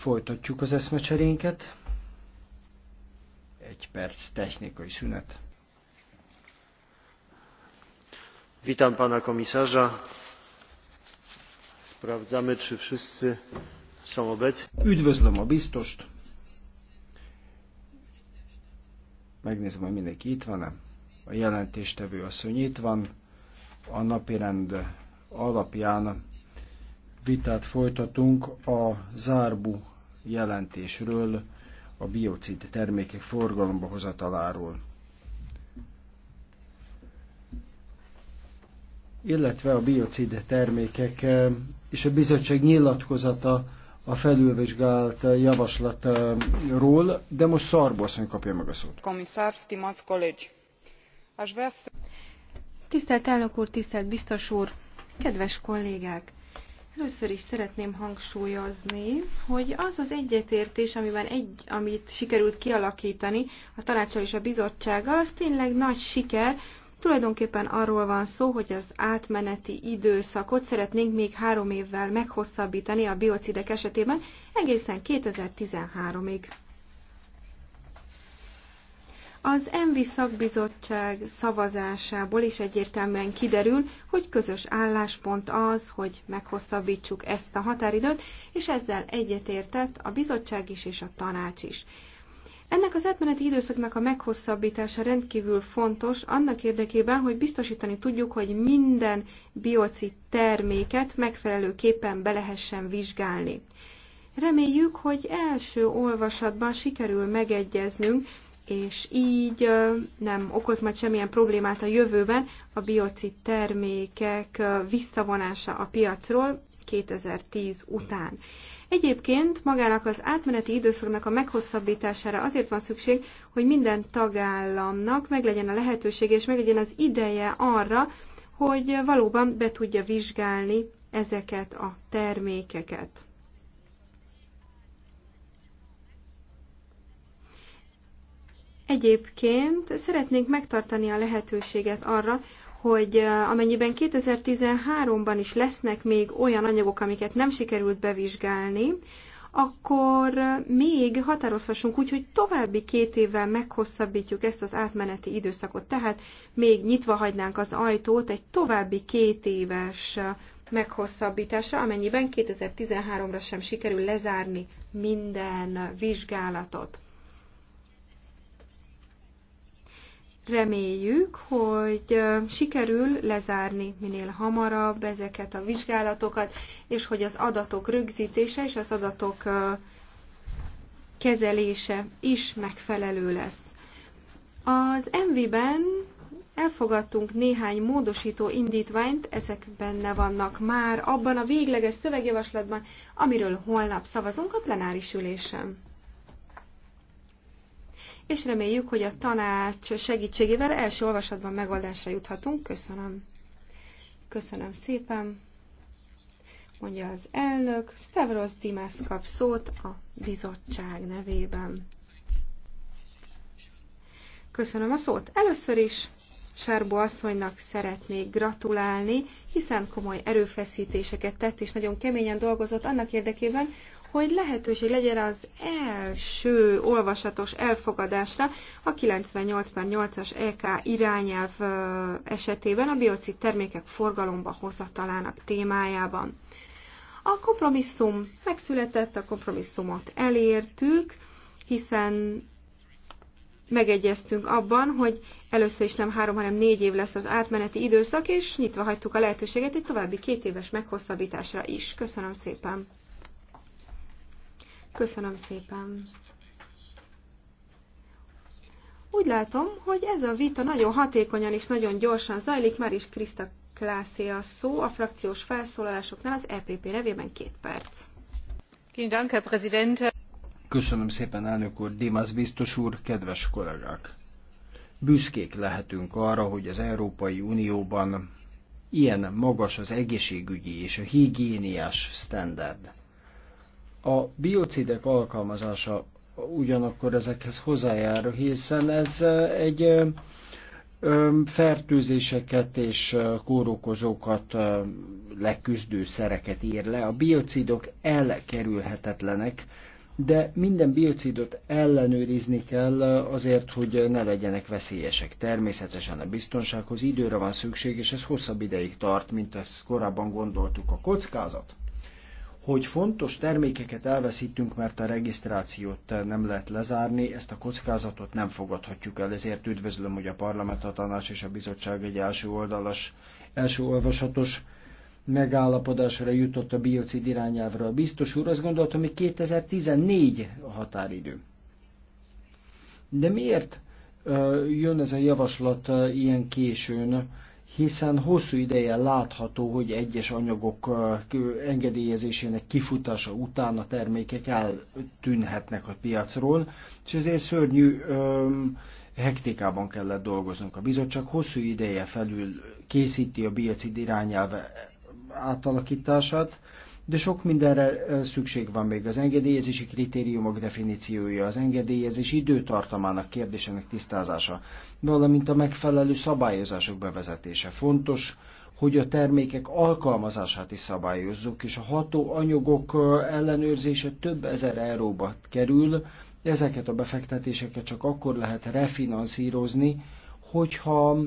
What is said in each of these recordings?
Folytatjuk az eszmecserénket. Egy perc technikai szünet. Witam pana komisarza. Sprawdzamy, czy wszyscy są obecni. Üdvözlöm a biztost. Megnézem, hogy mindenki itt van-e. A jelentéstevő asszony itt van. A napirend alapján vitát folytatunk a zárbu jelentésről, a biocid termékek forgalomba hozataláról. Illetve a biocid termékek eh, és a bizottság nyilatkozata a felülvizsgált eh, javaslatról, de most Szarborszony kapja meg a szót. Komisszár, Stimac colegi! Tisztelt elnök úr, tisztelt biztos úr, kedves kollégák! Először is szeretném hangsúlyozni, hogy az az egyetértés, amiben egy, amit sikerült kialakítani a tanácsal és a bizottsággal, az tényleg nagy siker. Tulajdonképpen arról van szó, hogy az átmeneti időszakot szeretnénk még három évvel meghosszabbítani a biocidek esetében egészen 2013-ig. Az ENVI szakbizottság szavazásából is egyértelműen kiderül, hogy közös álláspont az, hogy meghosszabbítsuk ezt a határidőt, és ezzel egyetértett a bizottság is és a tanács is. Ennek az átmeneti időszaknak a meghosszabbítása rendkívül fontos annak érdekében, hogy biztosítani tudjuk, hogy minden biocid terméket megfelelőképpen be lehessen vizsgálni. Reméljük, hogy első olvasatban sikerül megegyeznünk és így nem okoz majd semmilyen problémát a jövőben a biocid termékek visszavonása a piacról 2010 után. Egyébként magának az átmeneti időszaknak a meghosszabbítására azért van szükség, hogy minden tagállamnak meglegyen a lehetőség és meglegyen az ideje arra, hogy valóban be tudja vizsgálni ezeket a termékeket. Egyébként szeretnénk megtartani a lehetőséget arra, hogy amennyiben 2013-ban is lesznek még olyan anyagok, amiket nem sikerült bevizsgálni, akkor még határozhassunk úgy, hogy további két évvel meghosszabbítjuk ezt az átmeneti időszakot. Tehát még nyitva hagynánk az ajtót egy további két éves meghosszabbításra, amennyiben 2013-ra sem sikerül lezárni minden vizsgálatot. Reméljük, hogy sikerül lezárni minél hamarabb ezeket a vizsgálatokat, és hogy az adatok rögzítése és az adatok kezelése is megfelelő lesz. Az MV-ben elfogadtunk néhány módosító indítványt, ezek benne vannak már abban a végleges szövegjavaslatban, amiről holnap szavazunk a plenáris ülésen és reméljük, hogy a tanács segítségével első olvasatban megoldásra juthatunk. Köszönöm. Köszönöm szépen. Mondja az elnök. Stavros Dimas kap szót a bizottság nevében. Köszönöm a szót. Először is Sárbó asszonynak szeretnék gratulálni, hiszen komoly erőfeszítéseket tett és nagyon keményen dolgozott annak érdekében, hogy lehetőség legyen az első olvasatos elfogadásra a 988 as EK irányelv esetében a biocid termékek forgalomba hozatalának témájában. A kompromisszum megszületett, a kompromisszumot elértük, hiszen megegyeztünk abban, hogy először is nem három, hanem négy év lesz az átmeneti időszak, és nyitva hagytuk a lehetőséget egy további két éves meghosszabbításra is. Köszönöm szépen! Köszönöm szépen. Úgy látom, hogy ez a vita nagyon hatékonyan és nagyon gyorsan zajlik, már is Krista Klászé a szó, a frakciós felszólalásoknál az EPP nevében két perc. Köszönöm szépen, elnök úr, Dimas biztos úr, kedves kollégák! Büszkék lehetünk arra, hogy az Európai Unióban ilyen magas az egészségügyi és a higiéniás standard. A biocidek alkalmazása ugyanakkor ezekhez hozzájár, hiszen ez egy fertőzéseket és kórokozókat leküzdő szereket ír le. A biocidok elkerülhetetlenek, de minden biocidot ellenőrizni kell azért, hogy ne legyenek veszélyesek. Természetesen a biztonsághoz időre van szükség, és ez hosszabb ideig tart, mint ezt korábban gondoltuk. A kockázat hogy fontos termékeket elveszítünk, mert a regisztrációt eh, nem lehet lezárni, ezt a kockázatot nem fogadhatjuk el, ezért üdvözlöm, hogy a parlament, a tanács és a bizottság egy első oldalas, első olvasatos megállapodásra jutott a biocid irányávra. A biztos úr azt gondolta, hogy 2014 a határidő. De miért eh, jön ez a javaslat eh, ilyen későn? hiszen hosszú ideje látható, hogy egyes anyagok engedélyezésének kifutása után a termékek eltűnhetnek a piacról, és ezért szörnyű öm, hektikában kellett dolgoznunk. A bizottság hosszú ideje felül készíti a biocid irányelve átalakítását, de sok mindenre szükség van még. Az engedélyezési kritériumok definíciója, az engedélyezés időtartamának kérdésének tisztázása, valamint a megfelelő szabályozások bevezetése. Fontos, hogy a termékek alkalmazását is szabályozzuk, és a ható anyagok ellenőrzése több ezer euróba kerül, ezeket a befektetéseket csak akkor lehet refinanszírozni, hogyha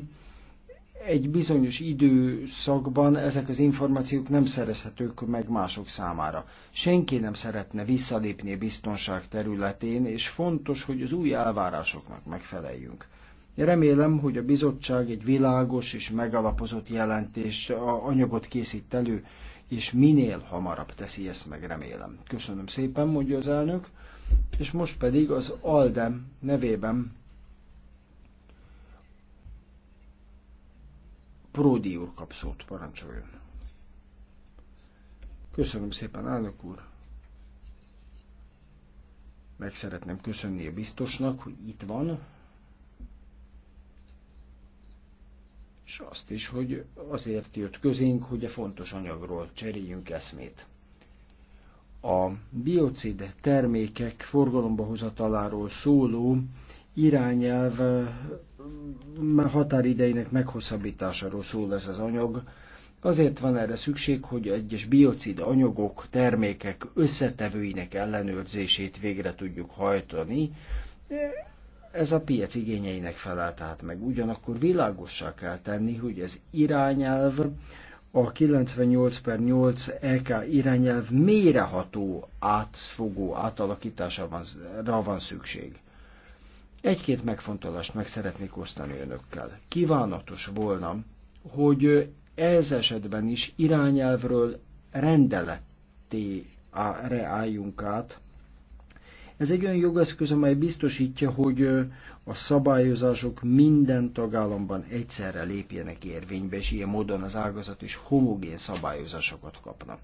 egy bizonyos időszakban ezek az információk nem szerezhetők meg mások számára. Senki nem szeretne visszalépni a biztonság területén, és fontos, hogy az új elvárásoknak megfeleljünk. Remélem, hogy a bizottság egy világos és megalapozott jelentést, a anyagot készít elő, és minél hamarabb teszi ezt meg, remélem. Köszönöm szépen, mondja az elnök, és most pedig az ALDEM nevében Pródi úr kap szót, parancsoljon. Köszönöm szépen, elnök úr. Meg szeretném köszönni a biztosnak, hogy itt van, és azt is, hogy azért jött közénk, hogy a fontos anyagról cseréljünk eszmét. A biocid termékek forgalomba hozataláról szóló irányelv mm, határideinek meghosszabbításáról szól ez az anyag. Azért van erre szükség, hogy egyes biocid anyagok, termékek összetevőinek ellenőrzését végre tudjuk hajtani. Ez a piac igényeinek felel tehát meg. Ugyanakkor világossá kell tenni, hogy ez irányelv, a 98 per 8 EK irányelv méreható átfogó átalakítására van szükség. Egy-két megfontolást meg szeretnék osztani önökkel. Kívánatos volna, hogy ez esetben is irányelvről rendeletére álljunk át. Ez egy olyan jogeszköz, amely biztosítja, hogy a szabályozások minden tagállamban egyszerre lépjenek érvénybe, és ilyen módon az ágazat is homogén szabályozásokat kapna.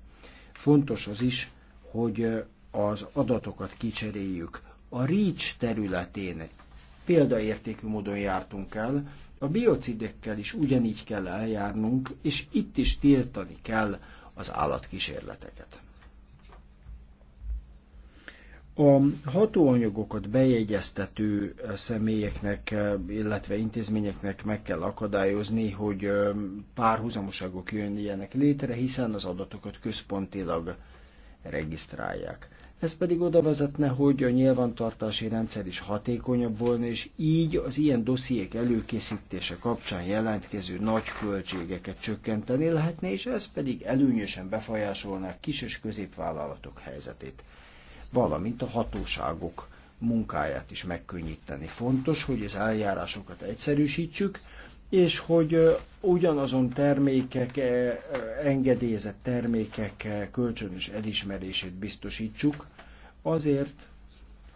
Fontos az is, hogy az adatokat kicseréljük. A REACH területén példaértékű módon jártunk el, a biocidekkel is ugyanígy kell eljárnunk, és itt is tiltani kell az állatkísérleteket. A hatóanyagokat bejegyeztető személyeknek, illetve intézményeknek meg kell akadályozni, hogy párhuzamoságok jönjenek létre, hiszen az adatokat központilag regisztrálják. Ez pedig oda vezetne, hogy a nyilvántartási rendszer is hatékonyabb volna, és így az ilyen dossziék előkészítése kapcsán jelentkező nagy költségeket csökkenteni lehetne, és ez pedig előnyösen befolyásolná kis és középvállalatok helyzetét, valamint a hatóságok munkáját is megkönnyíteni. Fontos, hogy az eljárásokat egyszerűsítsük, és hogy ugyanazon termékek, engedélyezett termékek kölcsönös elismerését biztosítsuk, azért,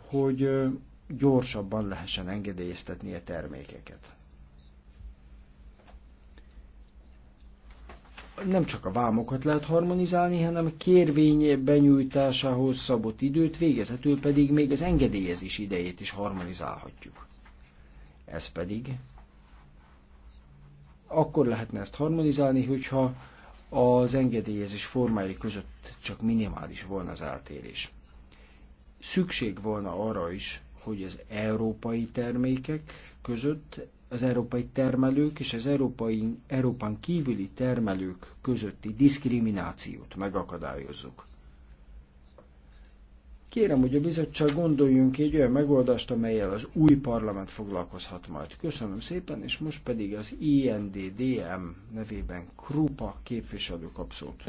hogy gyorsabban lehessen engedélyeztetni a termékeket. Nem csak a vámokat lehet harmonizálni, hanem a kérvény benyújtásához szabott időt, végezetül pedig még az engedélyezés idejét is harmonizálhatjuk. Ez pedig akkor lehetne ezt harmonizálni, hogyha az engedélyezés formái között csak minimális volna az eltérés. Szükség volna arra is, hogy az európai termékek között az európai termelők és az európai, Európán kívüli termelők közötti diszkriminációt megakadályozzuk. Kérem, hogy a bizottság gondoljunk egy olyan megoldást, amelyel az új parlament foglalkozhat majd. Köszönöm szépen, és most pedig az INDDM nevében Krupa képviselő kap szót.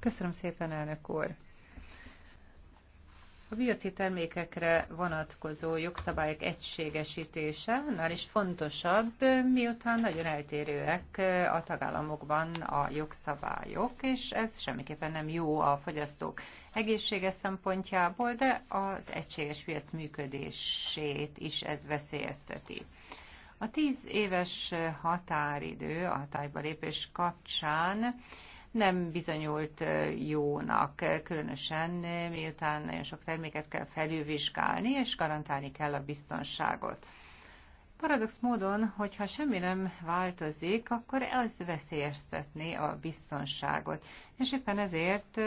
Köszönöm szépen, elnök úr. A bioci termékekre vonatkozó jogszabályok egységesítése annál is fontosabb, miután nagyon eltérőek a tagállamokban a jogszabályok, és ez semmiképpen nem jó a fogyasztók egészsége szempontjából, de az egységes piac működését is ez veszélyezteti. A tíz éves határidő a hatályba lépés kapcsán nem bizonyult jónak, különösen miután nagyon sok terméket kell felülvizsgálni, és garantálni kell a biztonságot. Paradox módon, hogyha semmi nem változik, akkor ez veszélyeztetné a biztonságot. És éppen ezért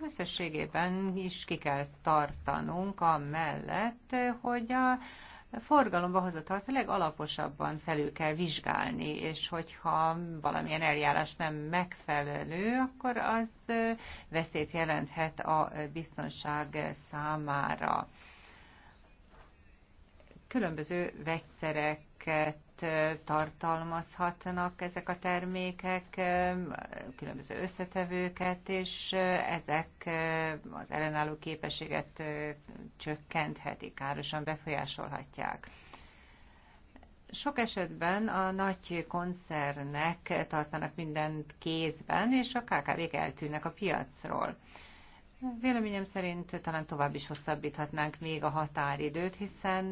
összességében is ki kell tartanunk a mellett, hogy a forgalomba hozatalt a legalaposabban felül kell vizsgálni, és hogyha valamilyen eljárás nem megfelelő, akkor az veszélyt jelenthet a biztonság számára különböző vegyszereket tartalmazhatnak ezek a termékek, különböző összetevőket, és ezek az ellenálló képességet csökkenthetik, károsan befolyásolhatják. Sok esetben a nagy koncernek tartanak mindent kézben, és a KKV-k eltűnnek a piacról. Véleményem szerint talán tovább is hosszabbíthatnánk még a határidőt, hiszen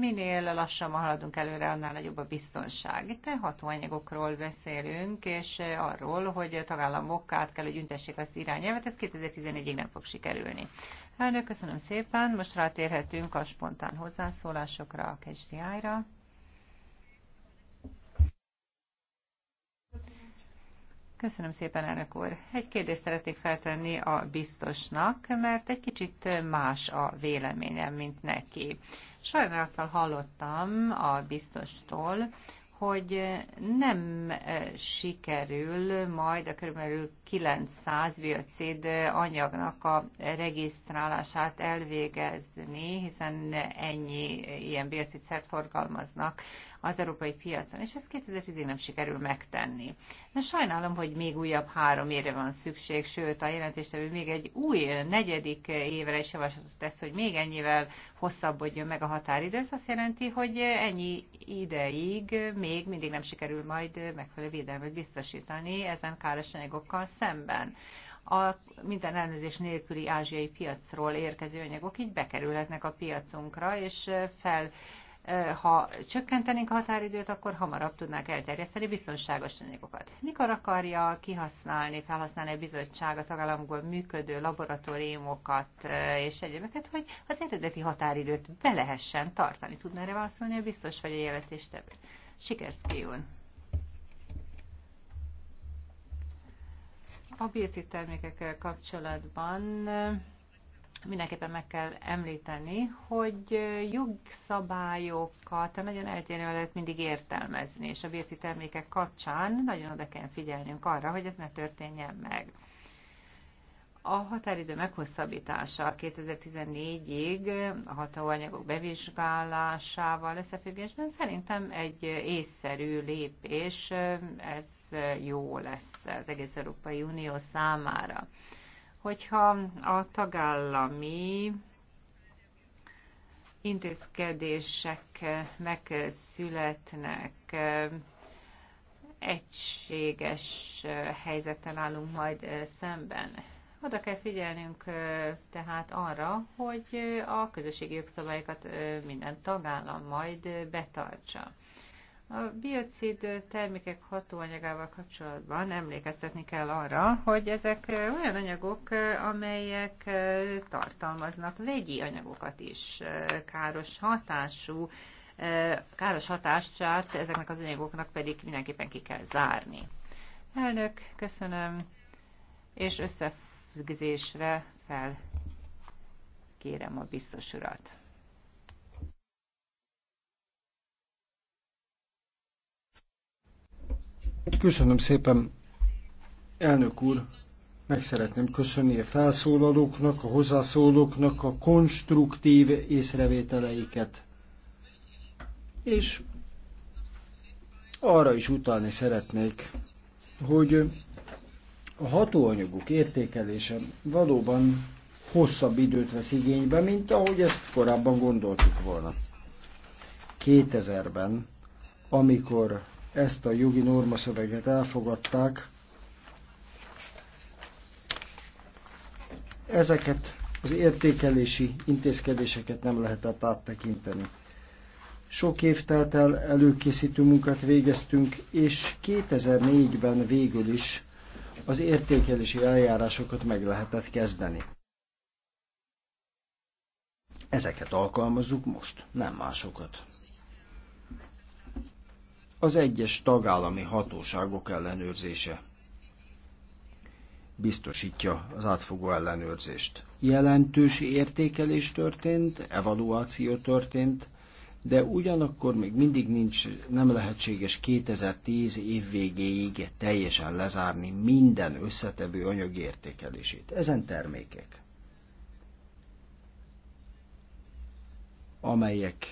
minél lassabban haladunk előre, annál nagyobb a biztonság. Itt hatóanyagokról beszélünk, és arról, hogy a tagállamok át kell, hogy üntessék az irányelvet, ez 2014-ig nem fog sikerülni. Elnök, köszönöm szépen, most rátérhetünk a spontán hozzászólásokra, a kezdi Köszönöm szépen, elnök úr. Egy kérdést szeretnék feltenni a biztosnak, mert egy kicsit más a véleményem, mint neki. Sajnálattal hallottam a biztostól, hogy nem e, sikerül majd a kb. 900 biocid anyagnak a regisztrálását elvégezni, hiszen ennyi ilyen biocidszert forgalmaznak az európai piacon, és ezt 2010-ig nem sikerül megtenni. Na, sajnálom, hogy még újabb három évre van szükség, sőt a jelentéstevő még egy új negyedik évre is javaslatot tesz, hogy még ennyivel hosszabbodjon meg a határidő. Ez azt jelenti, hogy ennyi ideig még mindig nem sikerül majd megfelelő védelmet biztosítani ezen káros anyagokkal szemben a minden ellenőrzés nélküli ázsiai piacról érkező anyagok így bekerülhetnek a piacunkra, és fel ha csökkentenénk a határidőt, akkor hamarabb tudnák elterjeszteni biztonságos anyagokat. Mikor akarja kihasználni, felhasználni a bizottság a tagállamokból működő laboratóriumokat és egyébeket, hogy az eredeti határidőt be lehessen tartani? Tudná erre válaszolni a biztos vagy a jelentéstevő? Sikersz, úr! A termékekkel kapcsolatban mindenképpen meg kell említeni, hogy jogszabályokat nagyon eltérően lehet mindig értelmezni, és a bérci termékek kapcsán nagyon oda kell figyelnünk arra, hogy ez ne történjen meg. A határidő meghosszabbítása 2014-ig a hatóanyagok bevizsgálásával összefüggésben szerintem egy észszerű lépés, ez jó lesz az egész Európai Unió számára hogyha a tagállami intézkedések megszületnek, egységes helyzeten állunk majd szemben. Oda kell figyelnünk tehát arra, hogy a közösségi jogszabályokat minden tagállam majd betartsa. A biocid termékek hatóanyagával kapcsolatban emlékeztetni kell arra, hogy ezek olyan anyagok, amelyek tartalmaznak vegyi anyagokat is, káros hatású, káros hatássát ezeknek az anyagoknak pedig mindenképpen ki kell zárni. Elnök, köszönöm, és összefüggésre fel kérem a biztos urat. Köszönöm szépen, elnök úr! Meg szeretném köszönni a felszólalóknak, a hozzászólóknak a konstruktív észrevételeiket. És arra is utalni szeretnék, hogy a hatóanyagok értékelése valóban hosszabb időt vesz igénybe, mint ahogy ezt korábban gondoltuk volna. 2000-ben, amikor ezt a jogi normaszöveget elfogadták. Ezeket az értékelési intézkedéseket nem lehetett áttekinteni. Sok év telt el, előkészítő munkát végeztünk, és 2004-ben végül is az értékelési eljárásokat meg lehetett kezdeni. Ezeket alkalmazzuk most, nem másokat az egyes tagállami hatóságok ellenőrzése biztosítja az átfogó ellenőrzést. Jelentős értékelés történt, evaluáció történt, de ugyanakkor még mindig nincs, nem lehetséges 2010 év végéig teljesen lezárni minden összetevő anyag értékelését. Ezen termékek, amelyek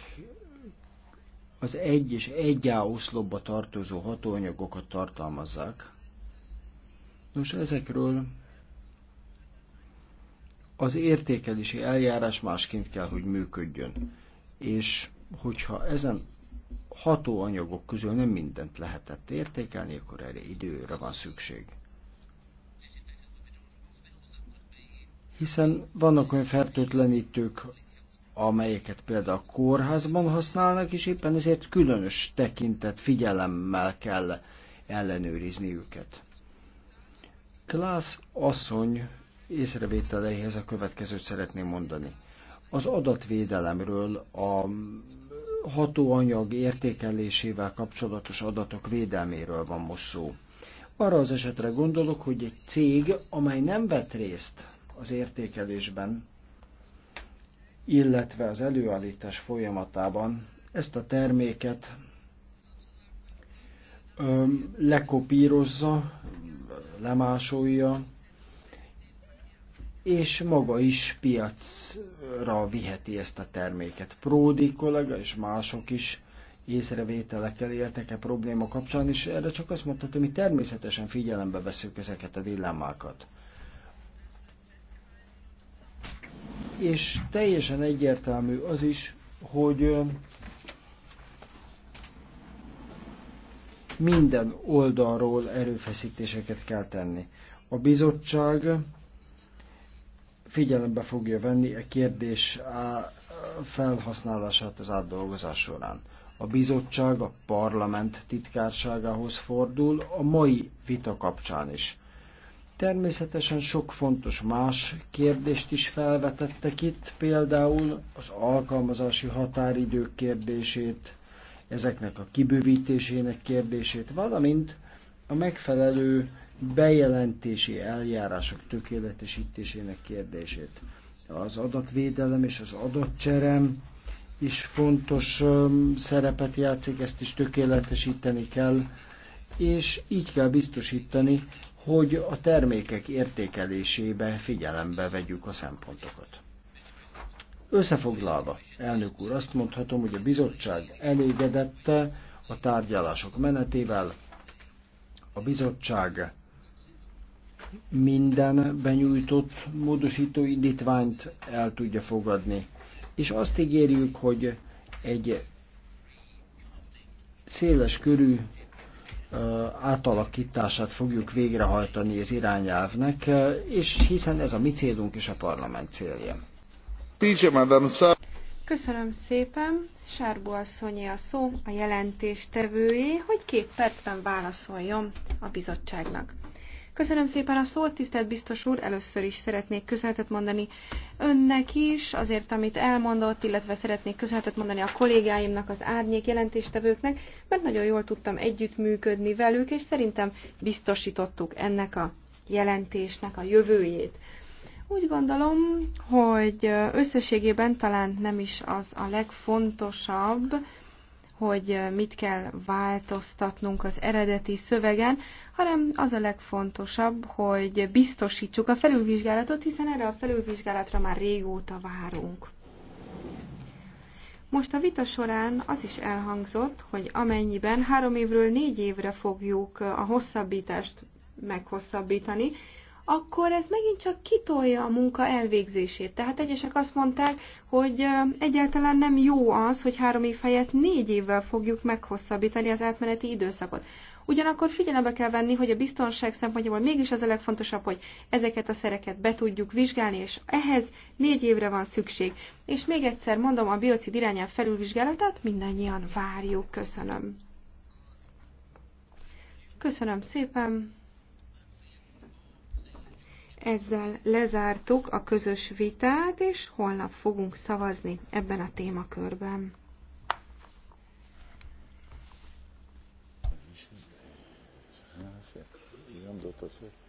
az egy és egy A oszlopba tartozó hatóanyagokat tartalmazzák. Nos, ezekről az értékelési eljárás másként kell, hogy működjön. És hogyha ezen hatóanyagok közül nem mindent lehetett értékelni, akkor erre időre van szükség. Hiszen vannak olyan fertőtlenítők, amelyeket például a kórházban használnak, és éppen ezért különös tekintet figyelemmel kell ellenőrizni őket. Klász asszony észrevételeihez a következőt szeretném mondani. Az adatvédelemről a hatóanyag értékelésével kapcsolatos adatok védelméről van most szó. Arra az esetre gondolok, hogy egy cég, amely nem vett részt az értékelésben, illetve az előállítás folyamatában ezt a terméket lekopírozza, lemásolja, és maga is piacra viheti ezt a terméket. Pródi kollega és mások is észrevételekkel éltek e probléma kapcsán, és erre csak azt mondhatom, hogy természetesen figyelembe veszük ezeket a villámákat. és teljesen egyértelmű az is, hogy minden oldalról erőfeszítéseket kell tenni. A bizottság figyelembe fogja venni a e kérdés felhasználását az átdolgozás során. A bizottság a parlament titkárságához fordul a mai vita kapcsán is. Természetesen sok fontos más kérdést is felvetettek itt, például az alkalmazási határidők kérdését, ezeknek a kibővítésének kérdését, valamint a megfelelő bejelentési eljárások tökéletesítésének kérdését. Az adatvédelem és az adatcserem is fontos szerepet játszik, ezt is tökéletesíteni kell, és így kell biztosítani, hogy a termékek értékelésébe figyelembe vegyük a szempontokat. Összefoglalva, elnök úr, azt mondhatom, hogy a bizottság elégedette a tárgyalások menetével, a bizottság minden benyújtott módosító indítványt el tudja fogadni, és azt ígérjük, hogy egy széles körű átalakítását fogjuk végrehajtani az irányelvnek, és hiszen ez a mi célunk és a parlament célja. Köszönöm szépen. Sárbó asszonyé a szó, a jelentéstevőjé, hogy két percben válaszoljon a bizottságnak. Köszönöm szépen a szót, tisztelt biztos úr. Először is szeretnék köszönetet mondani önnek is, azért, amit elmondott, illetve szeretnék köszönetet mondani a kollégáimnak, az árnyék jelentéstevőknek, mert nagyon jól tudtam együttműködni velük, és szerintem biztosítottuk ennek a jelentésnek a jövőjét. Úgy gondolom, hogy összességében talán nem is az a legfontosabb, hogy mit kell változtatnunk az eredeti szövegen, hanem az a legfontosabb, hogy biztosítsuk a felülvizsgálatot, hiszen erre a felülvizsgálatra már régóta várunk. Most a vita során az is elhangzott, hogy amennyiben három évről négy évre fogjuk a hosszabbítást meghosszabbítani, akkor ez megint csak kitolja a munka elvégzését. Tehát egyesek azt mondták, hogy egyáltalán nem jó az, hogy három év helyett négy évvel fogjuk meghosszabbítani az átmeneti időszakot. Ugyanakkor figyelembe kell venni, hogy a biztonság szempontjából mégis az a legfontosabb, hogy ezeket a szereket be tudjuk vizsgálni, és ehhez négy évre van szükség. És még egyszer mondom, a biocid irányán felülvizsgálatát mindannyian várjuk. Köszönöm. Köszönöm szépen. Ezzel lezártuk a közös vitát, és holnap fogunk szavazni ebben a témakörben. Köszönöm.